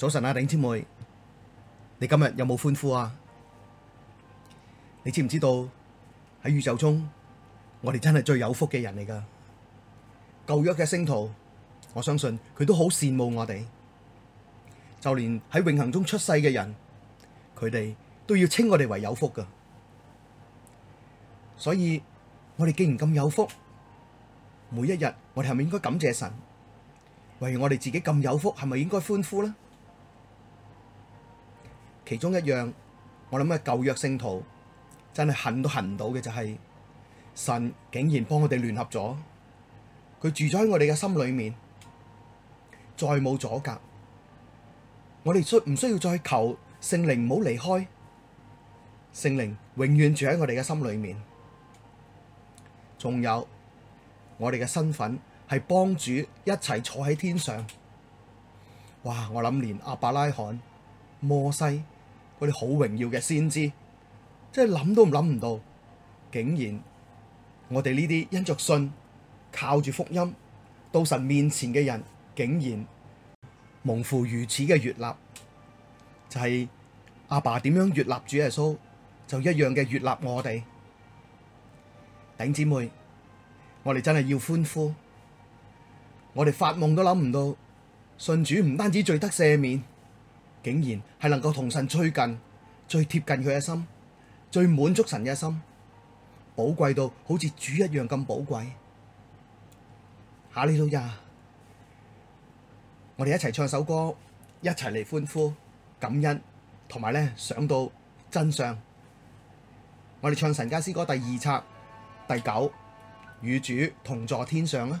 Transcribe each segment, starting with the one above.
早晨啊，頂天妹，你今日有冇歡呼啊？你知唔知道喺宇宙中，我哋真係最有福嘅人嚟噶。舊約嘅聖徒，我相信佢都好羨慕我哋。就連喺永恒中出世嘅人，佢哋都要稱我哋為有福噶。所以，我哋既然咁有福，每一日我哋係咪應該感謝神？為我哋自己咁有福，係咪應該歡呼呢？其中一樣，我諗嘅舊約聖徒真係恨都恨唔到嘅就係神竟然幫我哋聯合咗，佢住咗喺我哋嘅心裏面，再冇阻隔。我哋需唔需要再求聖靈唔好離開？聖靈永遠住喺我哋嘅心裏面。仲有我哋嘅身份係幫主一齊坐喺天上。哇！我諗連亞伯拉罕、摩西。嗰啲好榮耀嘅先知，真係諗都諗唔到，竟然我哋呢啲因着信靠住福音到神面前嘅人，竟然蒙父如此嘅悅納，就係阿爸點樣悅納主耶穌，就一樣嘅悅納我哋。頂姊妹，我哋真係要歡呼，我哋發夢都諗唔到，信主唔單止罪得赦免。竟然係能夠同神最近，最貼近佢嘅心，最滿足神嘅心，寶貴到好似主一樣咁寶貴。哈利路亞！我哋一齊唱首歌，一齊嚟歡呼感恩，同埋咧想到真相。我哋唱《神家詩歌》第二冊第九與主同坐天上啦。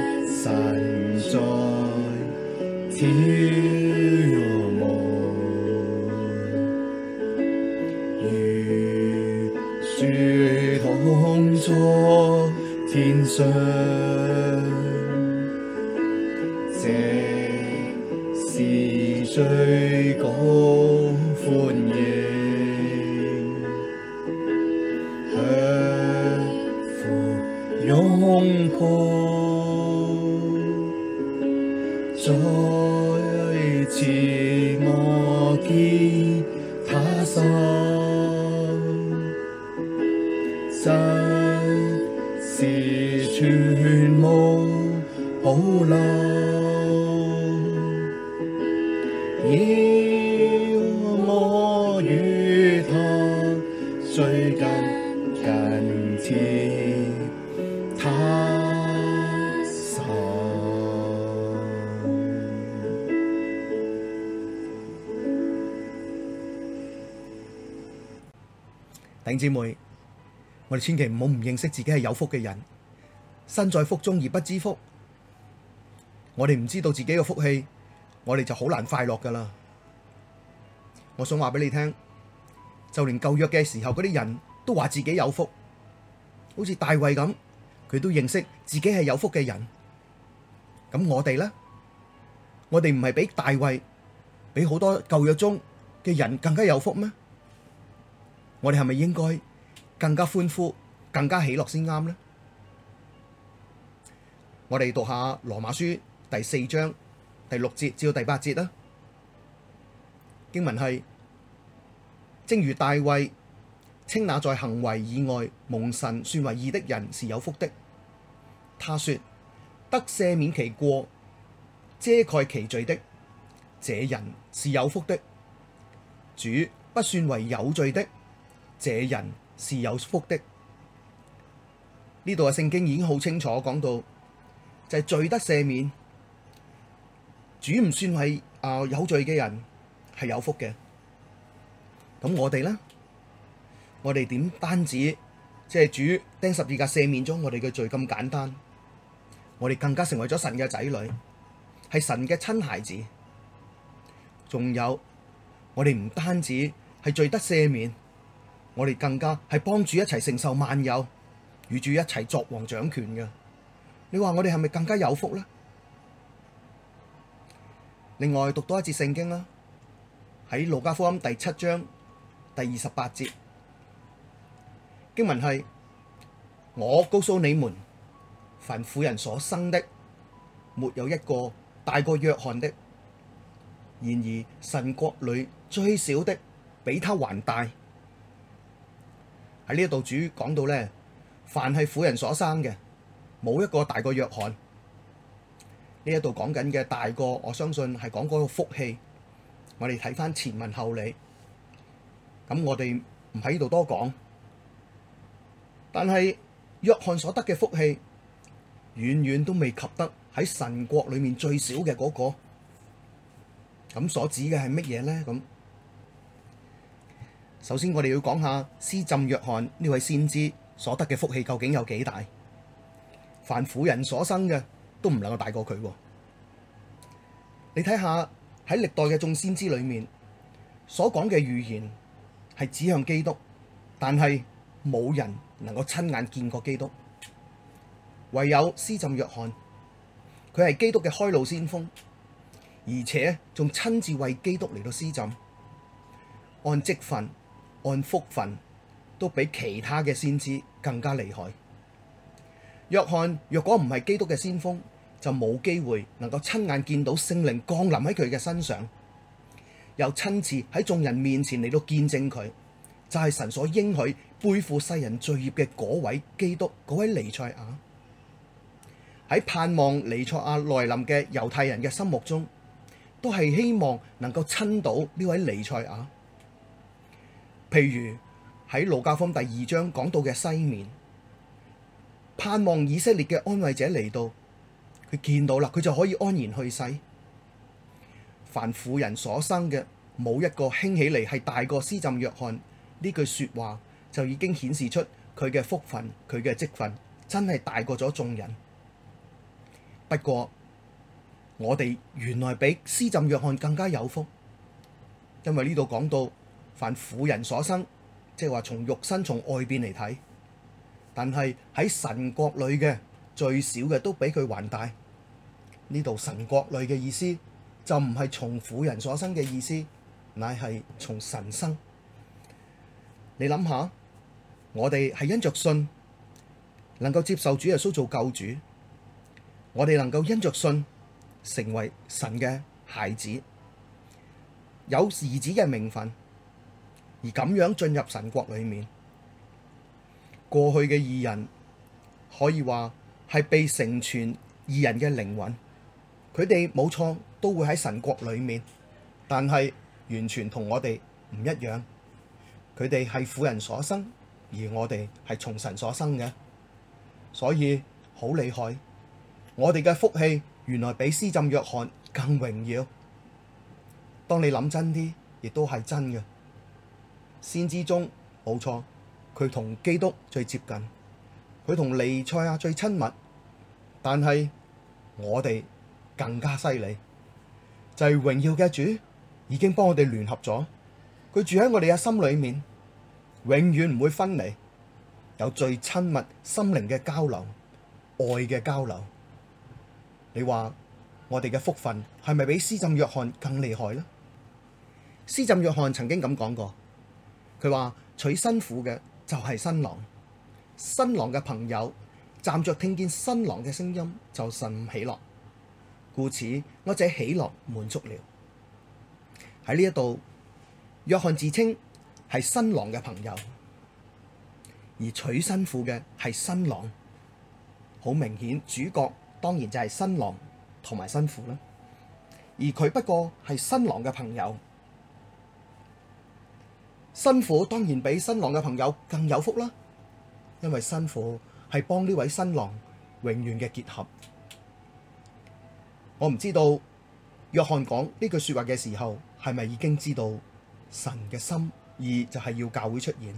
高歡迎，享父擁抱，在此。弟兄姐妹，我哋千祈唔好唔認識自己係有福嘅人，身在福中而不知福。我哋唔知道自己嘅福氣，我哋就好難快樂噶啦。我想話俾你聽，就連舊約嘅時候嗰啲人都話自己有福，好似大衛咁，佢都認識自己係有福嘅人。咁我哋咧，我哋唔係比大衛、比好多舊約中嘅人更加有福咩？我哋係咪應該更加歡呼、更加喜樂先啱呢？我哋讀下羅馬書第四章第六節至到第八節啦。經文係：正如大衛稱那在行為以外蒙神算為義的人是有福的，他說：得赦免其過、遮蓋其罪的，這人是有福的。主不算為有罪的。這人是有福的。呢度嘅聖經已經好清楚講到，就係、是、罪得赦免，主唔算係啊、呃、有罪嘅人係有福嘅。咁我哋呢？我哋點單止即係、就是、主釘十字架赦免咗我哋嘅罪咁簡單？我哋更加成為咗神嘅仔女，係神嘅親孩子。仲有，我哋唔單止係罪得赦免。我哋更加係幫住一齊承受萬有，與主一齊作王掌權嘅。你話我哋係咪更加有福呢？另外讀多一節聖經啦，喺路加福音第七章第二十八節經文係：我告訴你們，凡婦人所生的，沒有一個大過約翰的；然而神國裡最小的，比他還大。喺呢度主講到呢，凡係婦人所生嘅，冇一個大過約翰。呢一度講緊嘅大過，我相信係講嗰個福氣。我哋睇翻前文後理，咁我哋唔喺度多講。但係約翰所得嘅福氣，遠遠都未及得喺神國裏面最小嘅嗰個。咁所指嘅係乜嘢呢？咁？首先，我哋要講下施浸約翰呢位先知所得嘅福氣究竟有幾大？凡婦人所生嘅都唔能夠大過佢。你睇下喺歷代嘅眾先知裏面，所講嘅預言係指向基督，但係冇人能夠親眼見過基督，唯有施浸約翰，佢係基督嘅開路先鋒，而且仲親自為基督嚟到施浸，按職份，按福分都比其他嘅先知更加厲害。約翰若果唔係基督嘅先鋒，就冇機會能夠親眼見到聖靈降臨喺佢嘅身上，又親自喺眾人面前嚟到見證佢，就係、是、神所應許背負世人罪孽嘅嗰位基督，嗰位尼賽亞。喺盼望尼賽亞來臨嘅猶太人嘅心目中，都係希望能夠親到呢位尼賽亞。譬如喺路加福音第二章講到嘅西面，盼望以色列嘅安慰者嚟到，佢見到啦，佢就可以安然去世。凡婦人所生嘅，冇一個興起嚟係大過施浸約翰，呢句説話，就已經顯示出佢嘅福分、佢嘅積分真係大過咗眾人。不過，我哋原來比施浸約翰更加有福，因為呢度講到。凡婦人所生，即係話從肉身從外邊嚟睇，但係喺神國裏嘅最少嘅都比佢還大。呢度神國裏嘅意思就唔係從婦人所生嘅意思，乃係從神生。你諗下，我哋係因着信能夠接受主耶穌做救主，我哋能夠因着信成為神嘅孩子，有兒子嘅名分。而咁樣進入神國裏面，過去嘅義人可以話係被成全義人嘅靈魂，佢哋冇錯都會喺神國裏面，但係完全同我哋唔一樣。佢哋係婦人所生，而我哋係從神所生嘅，所以好厲害。我哋嘅福氣原來比施浸約翰更榮耀。當你諗真啲，亦都係真嘅。先知中冇錯，佢同基督最接近，佢同彌賽亞最親密。但係我哋更加犀利，就係榮耀嘅主已經幫我哋聯合咗，佢住喺我哋嘅心裏面，永遠唔會分離，有最親密心靈嘅交流、愛嘅交流。你話我哋嘅福分係咪比施浸約翰更厲害呢？施浸約翰曾經咁講過。佢話娶新婦嘅就係新郎，新郎嘅朋友站着聽見新郎嘅聲音就甚喜樂。故此我這喜樂滿足了。喺呢一度，約翰自稱係新郎嘅朋友，而娶新婦嘅係新郎，好明顯主角當然就係新郎同埋新婦啦，而佢不過係新郎嘅朋友。新婦當然比新郎嘅朋友更有福啦，因為新婦係幫呢位新郎永遠嘅結合。我唔知道約翰講呢句説話嘅時候係咪已經知道神嘅心意就係要教會出現。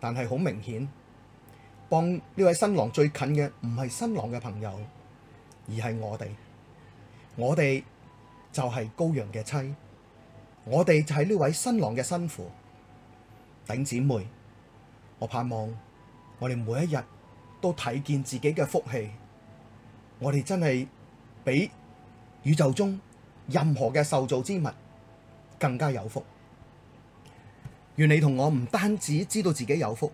但係好明顯，幫呢位新郎最近嘅唔係新郎嘅朋友，而係我哋。我哋就係羔羊嘅妻。我哋就係呢位新郎嘅新婦，頂姊妹，我盼望我哋每一日都睇見自己嘅福氣，我哋真係比宇宙中任何嘅受造之物更加有福。願你同我唔單止知道自己有福，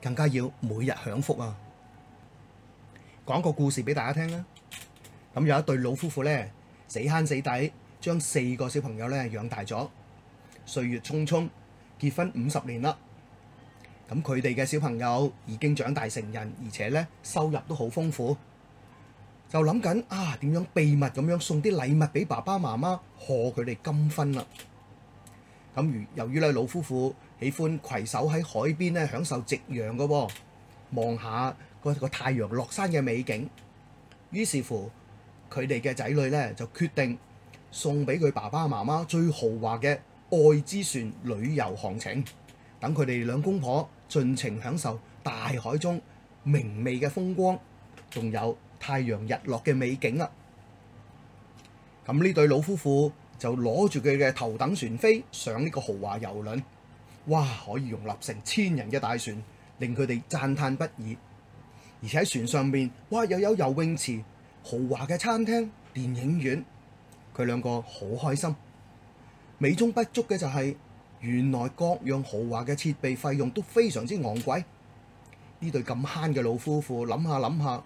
更加要每日享福啊！講個故事俾大家聽啦。咁有一對老夫婦咧，死慳死抵。將四個小朋友呢養大咗，歲月匆匆，結婚五十年啦。咁佢哋嘅小朋友已經長大成人，而且呢收入都好豐富，就諗緊啊點樣秘密咁樣送啲禮物俾爸爸媽媽，賀佢哋金婚啦。咁如由於呢老夫婦喜歡攜手喺海邊呢享受夕陽嘅喎，望下個太陽落山嘅美景，於是乎佢哋嘅仔女呢就決定。送俾佢爸爸媽媽最豪華嘅愛之船旅遊行程，等佢哋兩公婆盡情享受大海中明媚嘅風光，仲有太陽日落嘅美景啊！咁呢對老夫婦就攞住佢嘅頭等船飛上呢個豪華遊輪，哇！可以容納成千人嘅大船，令佢哋讚嘆不已。而且喺船上面，哇！又有游泳池、豪華嘅餐廳、電影院。佢兩個好開心，美中不足嘅就係原來各樣豪華嘅設備費用都非常之昂貴。呢對咁慳嘅老夫婦諗下諗下，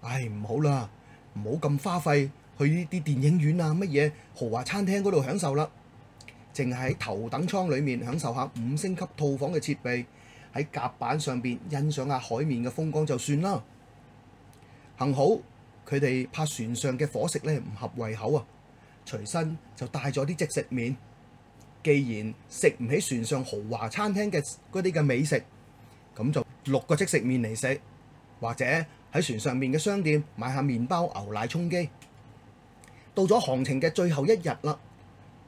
唉，唔好啦，唔好咁花費去呢啲電影院啊，乜嘢豪華餐廳嗰度享受啦，淨係喺頭等艙裡面享受下五星級套房嘅設備，喺甲板上邊欣賞下海面嘅風光就算啦。幸好佢哋怕船上嘅伙食呢，唔合胃口啊！隨身就帶咗啲即食麵。既然食唔起船上豪華餐廳嘅嗰啲嘅美食，咁就六個即食麵嚟食，或者喺船上面嘅商店買下麵包、牛奶充飢。到咗行程嘅最後一日啦，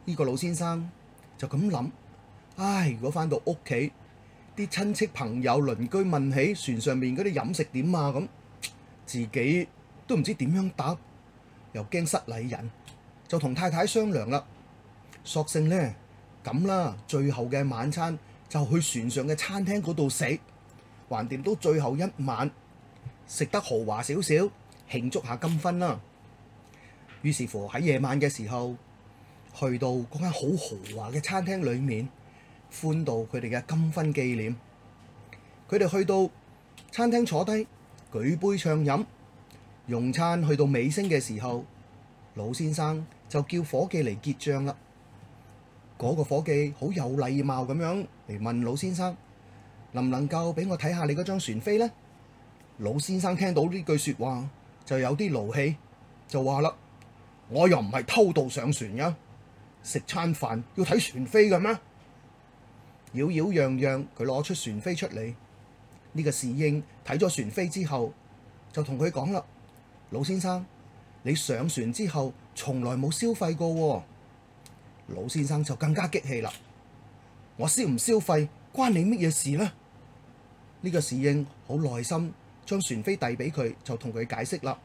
呢個老先生就咁諗，唉，如果返到屋企，啲親戚朋友鄰居問起船上面嗰啲飲食點啊，咁自己都唔知點樣答，又驚失禮人。就同太太商量啦，索性呢，咁啦，最後嘅晚餐就去船上嘅餐廳嗰度食，橫掂都最後一晚食得豪華少少，慶祝下金婚啦。於是乎喺夜晚嘅時候，去到嗰間好豪華嘅餐廳裏面，歡度佢哋嘅金婚紀念。佢哋去到餐廳坐低，舉杯暢飲，用餐去到尾聲嘅時候，老先生，就叫伙計嚟結帳啦。嗰個夥計好有禮貌咁樣嚟問老先生：能唔能夠俾我睇下你嗰張船飛呢？老先生聽到呢句説話就有啲勞氣，就話啦：我又唔係偷渡上船㗎，食餐飯要睇船飛㗎咩？妖妖樣樣，佢攞出船飛出嚟。呢個侍應睇咗船飛之後，就同佢講啦：老先生，你上船之後。從來冇消費過。哦，老先生就更加激氣啦！我消唔消費關你乜嘢事呢？呢，呢個侍應好耐心將船飛遞俾佢，就同佢解釋啦。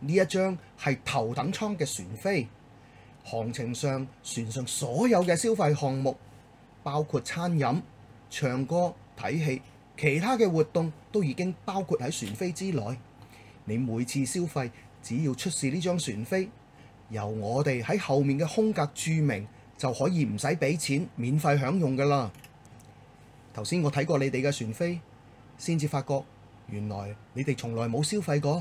呢一張係頭等艙嘅船飛，行程上船上所有嘅消費項目，包括餐飲、唱歌、睇戲、其他嘅活動，都已經包括喺船飛之內。你每次消費，只要出示呢張船飛。由我哋喺後面嘅空格註明，就可以唔使俾錢，免費享用㗎喇。頭先我睇過你哋嘅船飛，先至發覺原來你哋從來冇消費過。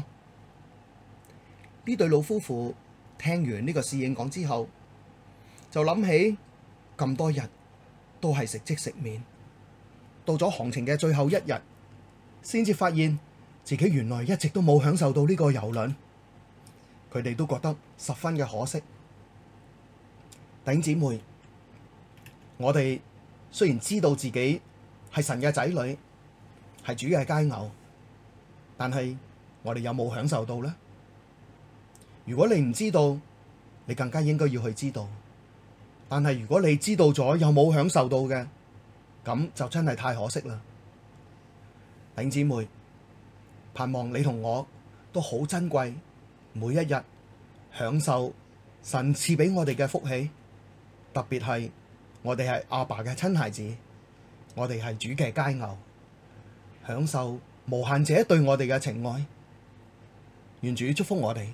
呢對老夫婦聽完呢個侍應講之後，就諗起咁多日都係食即食麵。到咗行程嘅最後一日，先至發現自己原來一直都冇享受到呢個郵輪。佢哋都覺得十分嘅可惜，頂姊妹，我哋雖然知道自己係神嘅仔女，係主嘅佳偶，但係我哋有冇享受到呢？如果你唔知道，你更加應該要去知道。但係如果你知道咗又冇享受到嘅，咁就真係太可惜啦！頂姊妹，盼望你同我都好珍貴。每一日享受神賜畀我哋嘅福氣，特別係我哋係阿爸嘅親孩子，我哋係主嘅佳偶，享受無限者對我哋嘅情愛，願主祝福我哋。